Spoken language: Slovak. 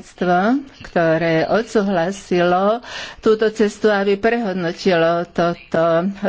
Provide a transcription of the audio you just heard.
zdravotníctvo, ktoré odsúhlasilo túto cestu, aby prehodnotilo toto